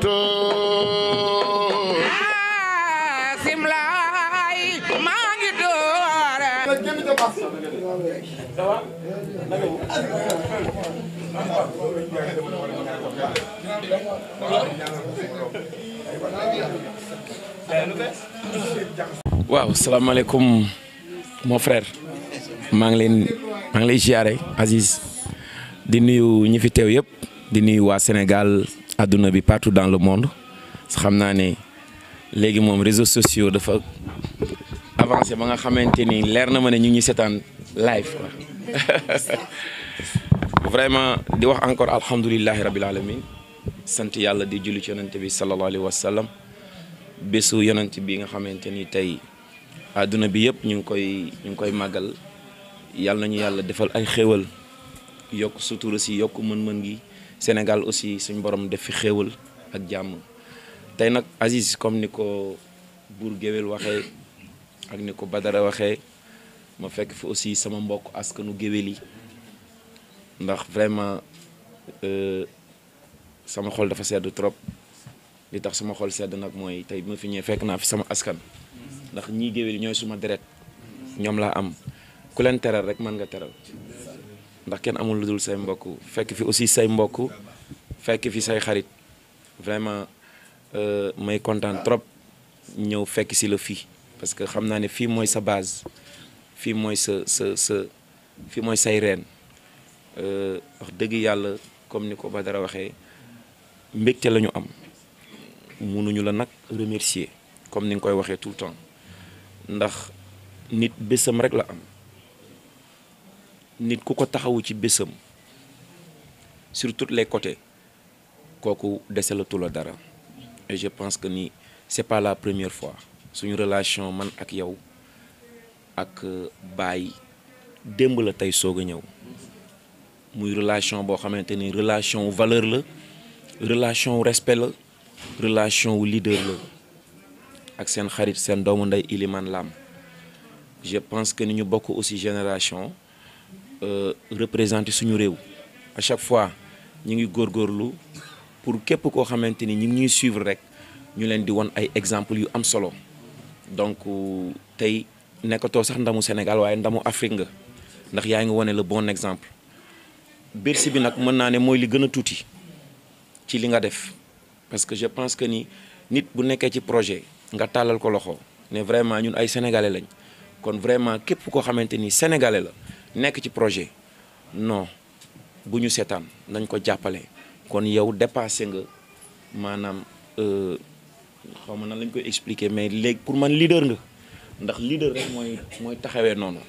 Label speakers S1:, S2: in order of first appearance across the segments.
S1: Ah,
S2: waaw salaamaaleykum mon frère maa ngi leen maa ngi lay ziare Aziz di nuyu ñi fi teew yëpp di nuyu waa Sénégal àdduna bi partout dans le monde xam naa ne léegi moom réseaux sociaux dafa avancé ba nga xamante ni leer na ma ne ñu ngi seetaan live quoi vraiment di wax encore alhamdulilahi rabil alamin sant yàlla di julli ci yonent bi sallallahu alayhi wa sallam bésu yonent bi nga xamante ni tey àdduna bi yëpp ñu ngi koy ñu ngi koy màggal yàlla nañu yàlla defal ay xéwal yokk sutura si yokk mën-mën gi Sénégal aussi suñ borom def fi xéewal ak jàmm tey nag Aziz comme ni ko buur géwél waxee ak ni ko Badara waxee ma fekk fi aussi sama mbokk askanu géwél yi ndax vraiment euh, sama xol dafa sedd trop li tax suma xol sedd nag mooy tey ma fi ñëwee fekk naa fi sama askan ndax ñii géwél yi ñooy suma deret ñoom laa am ku leen teral rek mën nga teral ndax kenn amul lu dul say mbokk fekk fi aussi say mbokk fekk fi say xarit vraiment euh, may kontaan trop ñëw fekk si la fii parce que xam naa ne fii mooy sa base fii mooy sa sa sa fii mooy say reen euh, wax dëgg yàlla comme ni ko ba dara waxee mbégte la ñu am mënuñu la nag remercier comme ni nga koy waxee tout le temps ndax nit bésam rek la am nit ku ko taxawu ci bésam sur tous les côtés kooku deselatu la dara et je pense que ni c'est pas la première fois suñu relation man ak yow ak euh, Baye démb la tey soog a ñëw muy relation boo xamante ni relation wu valeur la relation wu respect la relation wu leader la ak seen xarit seen doomu ndey Ilimane Lam je pense que ni ñu bokk aussi génération Euh, représenter suñu réew à chaque fois ñu ngi góor góorlu pour képp koo xamante ni ñu ngi ñuy suivre rek ñu leen di won ay exemples yu am solo donc euh, tey nekkatoo sax ndamu Sénégal waaye ndamu Afrique nga ndax yaa ngi wane la bon exemple Bercy bi nag mën naa ne mooy li gën a tuuti ci li nga def parce que je pense que ni nit bu nekkee ci projet nga tàllal ko loxo ne vraiment ñun ay sénégalais lañ kon vraiment képp koo xamante ni sénégalais la. nekk ci projet non bu ñu seetaan nañ ko jàppale kon yow dépassé nga maanaam euh, xaw ma na lañ koy expliquer mais léegi pour man leader nga ndax leader rek mooy mooy taxawee noonu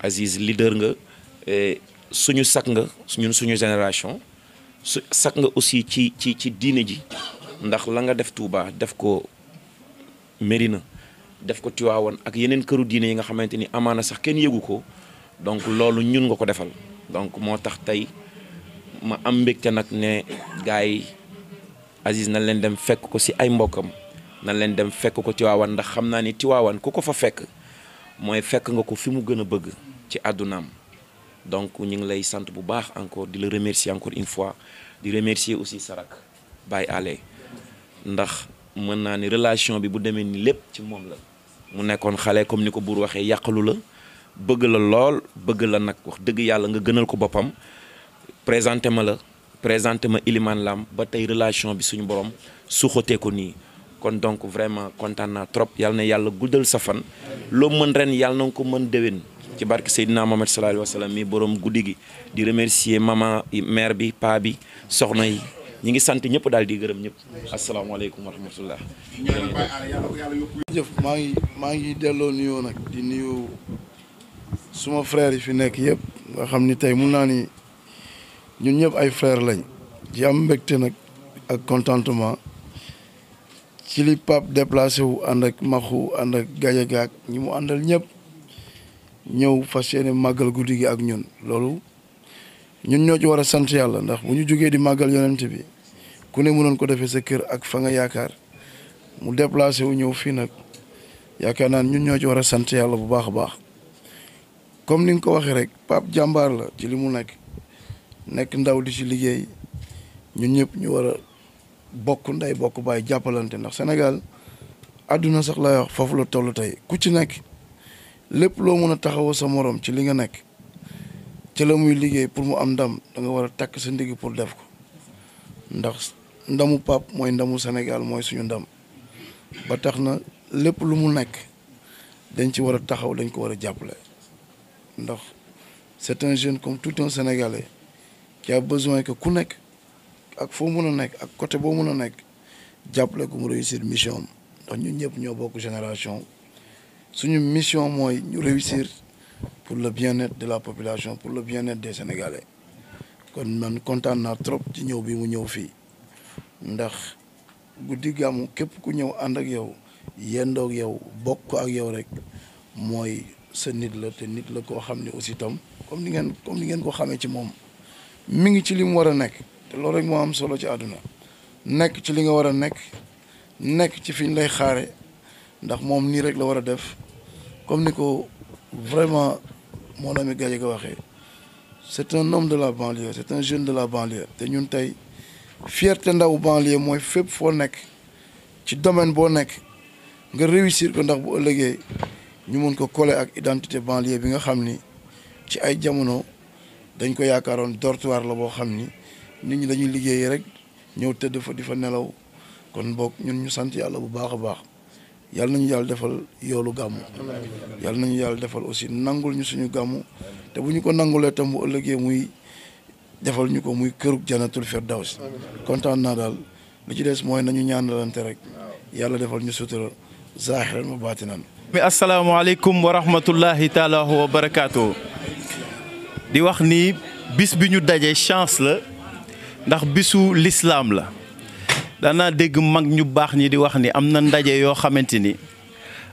S2: Aziz leader nga eh, suñu sak nga ñun suñu génération su sak nga aussi ci ci ci diine ji ndax la nga def Touba def ko Mérina def ko Tiwaawan ak yeneen këru diine yi nga xamante ni amaana sax kenn yëgu ko donc loolu ñun nga ko defal donc moo tax tey ma am mbégte nag ne gars yi Aziz na leen dem fekk ko si ay mbokkam na leen dem fekk ko Tiwaawan ndax xam naa ni Tiwaawan ku ko fa fekk mooy fekk nga ko fi mu gën a bëgg ci àddunaam donc ñu ngi lay sant bu baax encore di la remercier encore une fois di remercier aussi sa Sarak Baye Ale ndax mën naa ni relation bi bu demee nii lépp ci moom la mu nekkoon xale comme ni ko buur waxee yàqalu la bëgg la lool bëgg la nag wax dëgg yàlla nga gënal ko boppam présenté ma la présenté ma Ilimane Lam ba tey relation bi suñu borom suuxatee ko nii kon donc vraiment kontaan naa trop yàlla na yàlla guddal sa fan loo mën ren yàlla na nga ko mën déwén ci barke Seydina Mohamed sallallahu alayhi wa sallam mi borom guddi gi di remercier maman mère bi paa bi soxna yi ñi ngi sant ñëpp daal di gërëm ñëpp asalaamaaleykum wa rahmatullah
S1: suma frère yi fi nekk yëpp nga xam ni tey mun naa ni ñun ñëpp ay frère lañ ci am mbégte nag ak contentement ci li Pape déplacé wu ànd ak maxu ànd ak gajagaak ñi mu àndal ñëpp ñëw fas yéene màggal guddi gi ak ñun loolu ñun ñoo ci war a sant yàlla ndax bu ñu jógee di màggal yonent bi ku ne munoon ko defee sa kër ak fa nga yaakaar mu déplacé wu ñëw fii nag yaakaar naa ñun ñoo ci war a sant yàlla bu baax a baax comme ni nga ko waxee rek Pape jàmbaar la ci li mu nekk nekk ndaw di ci liggéey ñun ñëpp ñu war a bokk nday bokk baay jàppalante ndax Sénégal àdduna sax lay wax foofu la toll tey ku ci nekk lépp loo mën a taxawoo sa morom ci li nga nekk ci la muy liggéey pour mu am ndam danga war a takk sa ndigg pour def ko ndax ndamu Pape mooy ndamu Sénégal mooy suñu ndam ba tax na lépp lu mu nekk dañ ci war a taxaw dañ ko war a jàppale ndax c'est un jeune comme tout un Sénégalais qui a besoin que ku nekk ak foo mën a nekk ak côté boo mën a nekk jàppale ko mu réussir mission am ndax ñun ñëpp ñoo bokk génération suñu mission mooy ñu réussir pour le bien-être de la population pour le bien-être des Sénégalais kon man kontaan naa trop ci ñëw bi mu ñëw fii ndax guddi gàmmu képp ku ñëw ànd ak yow yendoog yow bokk ak yow rek mooy sa nit la te nit la koo xam ne aussi tam comme ni ngeen comme ni ngeen ko xamee ci moom mi ngi ci li mu war a nekk te loolu rek moo am solo ci àdduna nekk ci li nga war a nekk nekk ci fi ñu lay xaare ndax moom nii rek la war a def comme ni ko vraiment moo mon ami Gadiaga waxee c'est un homme de la banlieue c'est un jeune de la banlieue te ñun tey fierté ndaw banlieue mooy fépp foo nekk ci domaine boo nekk nga réussir ko ndax bu ëllëgee ñu mun ko coller ak identité banlieue bi nga xam ni ci ay jamono dañ ko yaakaaroon dortoir la boo xam ni nit ñi dañuy liggéey rek ñëw tëdd fa di fa nelaw kon boog ñun ñu sant yàlla bu baax a baax yàlla nañu yàlla defal yoolu gàmmu yàlla nañu yàlla defal aussi nangul ñu suñu gàmmu te bu ñu ko nangulee tam bu ëllëgee muy defal ñu ko muy kërug janatul firdaws kontaan naa daal lu ci des mooy ñu ñaanalante rek yàlla defal ñu sutura zaahiran ma baatinan
S3: mi asalaamaaleykum wa rahmatullahi taala wa barakaatu di wax ni bis bi ñu dajee chance la ndax bisu lislaam la danaa dégg mag ñu baax ñi di wax ni am na ndaje yoo xamante ni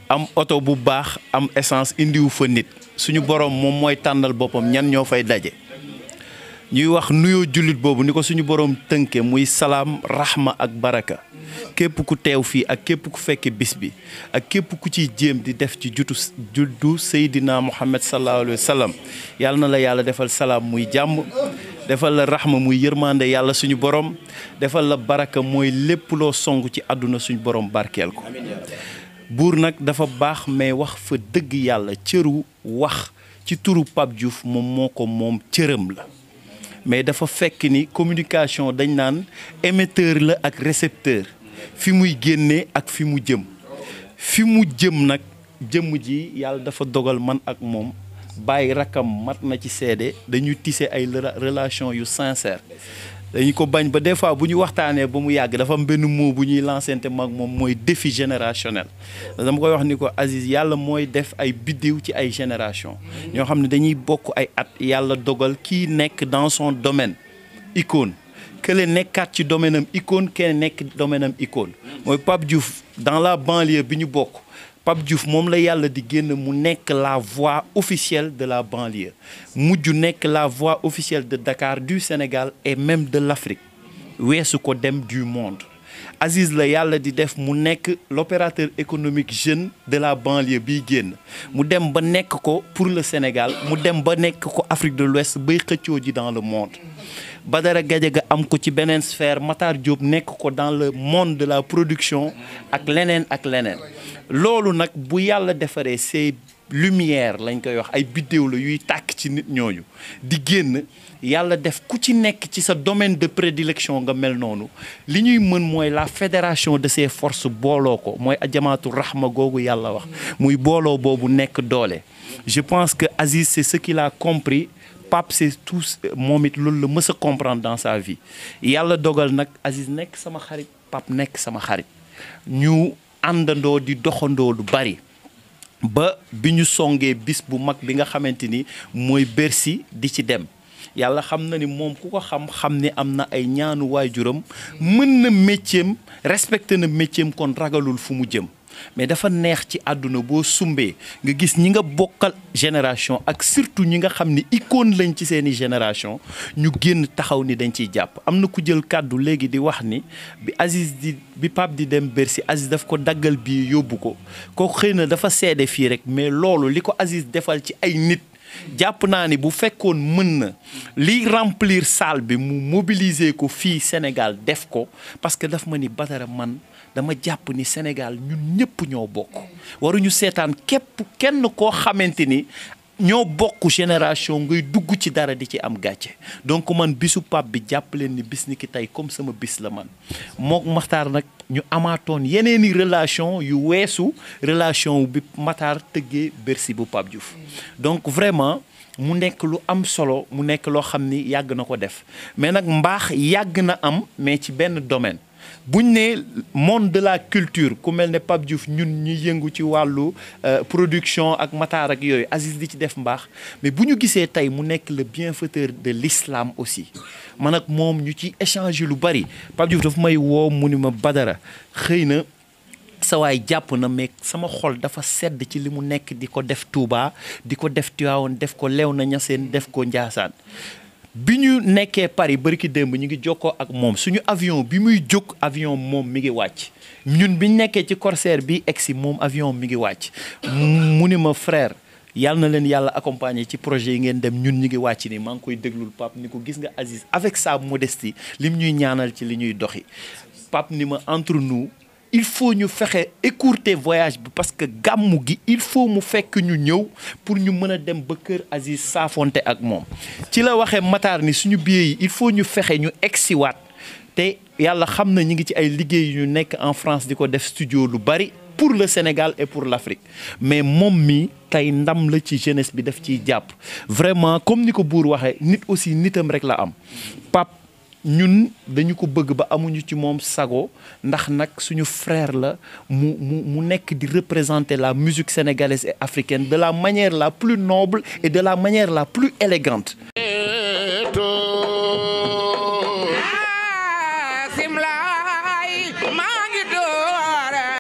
S3: am oto bu baax am essence indiwu fa nit suñu borom moom mooy tànnal boppam ñan ñoo fay daje ñuy wax nuyoo jullit boobu ni ko suñu borom tënke muy salaam rahma ak baraka képp ku teew fii ak képp ku fekke bis bi ak képp ku ci jéem di def ci jutu juddu Seydina Muhammad sallallahu alayhi yàlla na la yàlla defal salaam muy jàmm defal la raxma muy yërmande yàlla suñu borom defal la baraka mooy lépp loo song ci àdduna suñu borom barkeel ko buur nag dafa baax mais wax fa dëgg yàlla cëru wax ci turu Pape Diouf moom moo ko moom cëram la mais dafa fekk ni communication dañ naan émetteur la ak récepteur fi muy génnee ak fi mu jëm fi mu jëm nag jëmm ji yàlla dafa dogal man ak moom bàyyi rakkam mat na ci seede dañuy tise ay relation yu sincère dañu ko bañ ba des fois bu ñu waxtaanee ba mu yàgg dafa am benn mot bu ñuy lancente mag moom mooy défi générationnel dama koy wax ni ko Aziz yàlla mooy def ay biddiw ci ay génération ñoo xam ne dañuy bokk ay at yàlla dogal kii nekk dans son domaine icône kële nekkaat ci domaine am icône kenn nekk domaine am icône mooy Pape jouf dans la banlieue bi ñu bokk Pape Diouf moom la yàlla di génn mu nekk la voix officielle de la banlieue mujj nekk la voix officielle de Dakar du Sénégal et même de l'Afrique weesu ko dem du monde Aziz la yàlla di def mu nekk l'opérateur économique jeune de la banlieue bii génn mu dem ba nekk ko pour le Sénégal mu dem ba nekk ko Afrique de l'Ouest bay xëccoo ji dans le monde Badara Gadiaga am ko ci beneen sphère Matar Diop nekk ko dans le monde de la production ak leneen ak leneen loolu nag bu yàlla defaree ces lumières lañ koy wax ay biddéew la yuy tàkk ci nit ñooñu di génn yàlla def ku ci nekk ci sa domaine de prédilection nga mel noonu li ñuy mën mooy la fédération de ces force booloo ko mooy ajamaatu rahma googu yàlla wax muy booloo boobu nekk doole. je pense que Aziz c'est ce qu'il a compris Pape c'est tout moom it loolu la mësa a comprendre dans sa vie yàlla dogal nag Aziz nekk sama xarit Pape nekk sama xarit ñu àndandoo di doxandoo lu bari. ba bi ñu songee bis bu mag bi nga xamante ni mooy Bercy di ci dem yàlla xam na ni moom ku ko xam xam ni am na ay ñaanu waajuram mën na métier respecté na métier kon ragalul fu mu jëm mais dafa neex ci àdduna boo sumbee nga gis ñi nga bokkal génération ak surtout ñi nga xam ni ikoon lañ ci seeni génération ñu génn taxaw ni dañ ciy jàpp am na ku jël kàddu léegi di wax ni bi Aziz di bi Pape di dem bersi Aziz daf ko daggal bii yóbbu ko ko xëy na dafa seede fii rek mais loolu li ko Aziz defal ci ay nit jàpp naa ni bu fekkoon mën na li remplir salle bi mu mobiliser ko fii Sénégal def ko parce que daf ma ni Badara man dama jàpp ni Sénégal ñun ñëpp ñoo bokk waruñu seetaan képp kenn koo xamante ni ñoo bokk génération ngay dugg ci dara di ci am gàcce donc man bisu pap bi jàpp leen ni bis ni ki tey comme sama bis la man mook Matar nag ñu amaatoon yeneeni relation yu weesu relation bi Matar tëggee Bercy bu ju Diouf donc vraiment mu nekk lu am solo mu nekk loo xam ni yàgg na ko def mais nag mbaax yàgg na am mais ci benn domaine buñ ne nee monde de la culture ku mel ne Pape Diouf ñun ñu yëngu ci wàllu euh, production ak mataar ak yooyu Aziz di ci def mbaax mais bu ñu gisee tey mu nekk la bien bienfaiteur de lislaam aussi man ak moom ñu ci échanger lu bari Pape Diouf dafa may woo mu ni ma Badara xëy na sawaay jàpp na mais sama xol dafa sedd ci li mu nekk di ko def Touba di ko def Tivaouane def ko Léona Niassène def ko Ndiassane bi ñu nekkee Paris bëriki démb ñu ngi jokkoo ak moom suñu avion bi muy jóg avion moom mi ngi wàcc ñun bi ñu nekkee ci corsaire bi egsi moom avion mi ngi wàcc mu ni ma frère yàlla na leen yàlla accompagner ci projet yi ngeen dem ñun ñi ngi wàcc ni maa ngi koy déglul Pape ni ko gis nga Aziz avec sa modestie lim ñuy ñaanal ci li ñuy doxi Pape ni ma entre nous il faut ñu fexe écourter voyage bi parce que gàmmu gi il faut mu fekk ñu ñëw pour ñu mën a dem ba kër Aziz saafonte ak moom ci la waxee Matar ni suñu billet yi il faut ñu fexe ñu egsiwaat te yàlla xam na ñu ngi ci ay liggéey yu ñu nekk en France di ko def studio lu bari pour le Sénégal et pour l'Afrique mais moom mi tey ndam la ci jeunesse bi daf ciy jàpp vraiment comme ni ko buur waxee nit aussi nitam rek la am ñun dañu ko bëgg ba amuñu ci moom sago ndax nag suñu frère la mu mu mu nekk di représenter la musique sénégalaise et africaine de la manière la plus noble et de la manière la plus élégante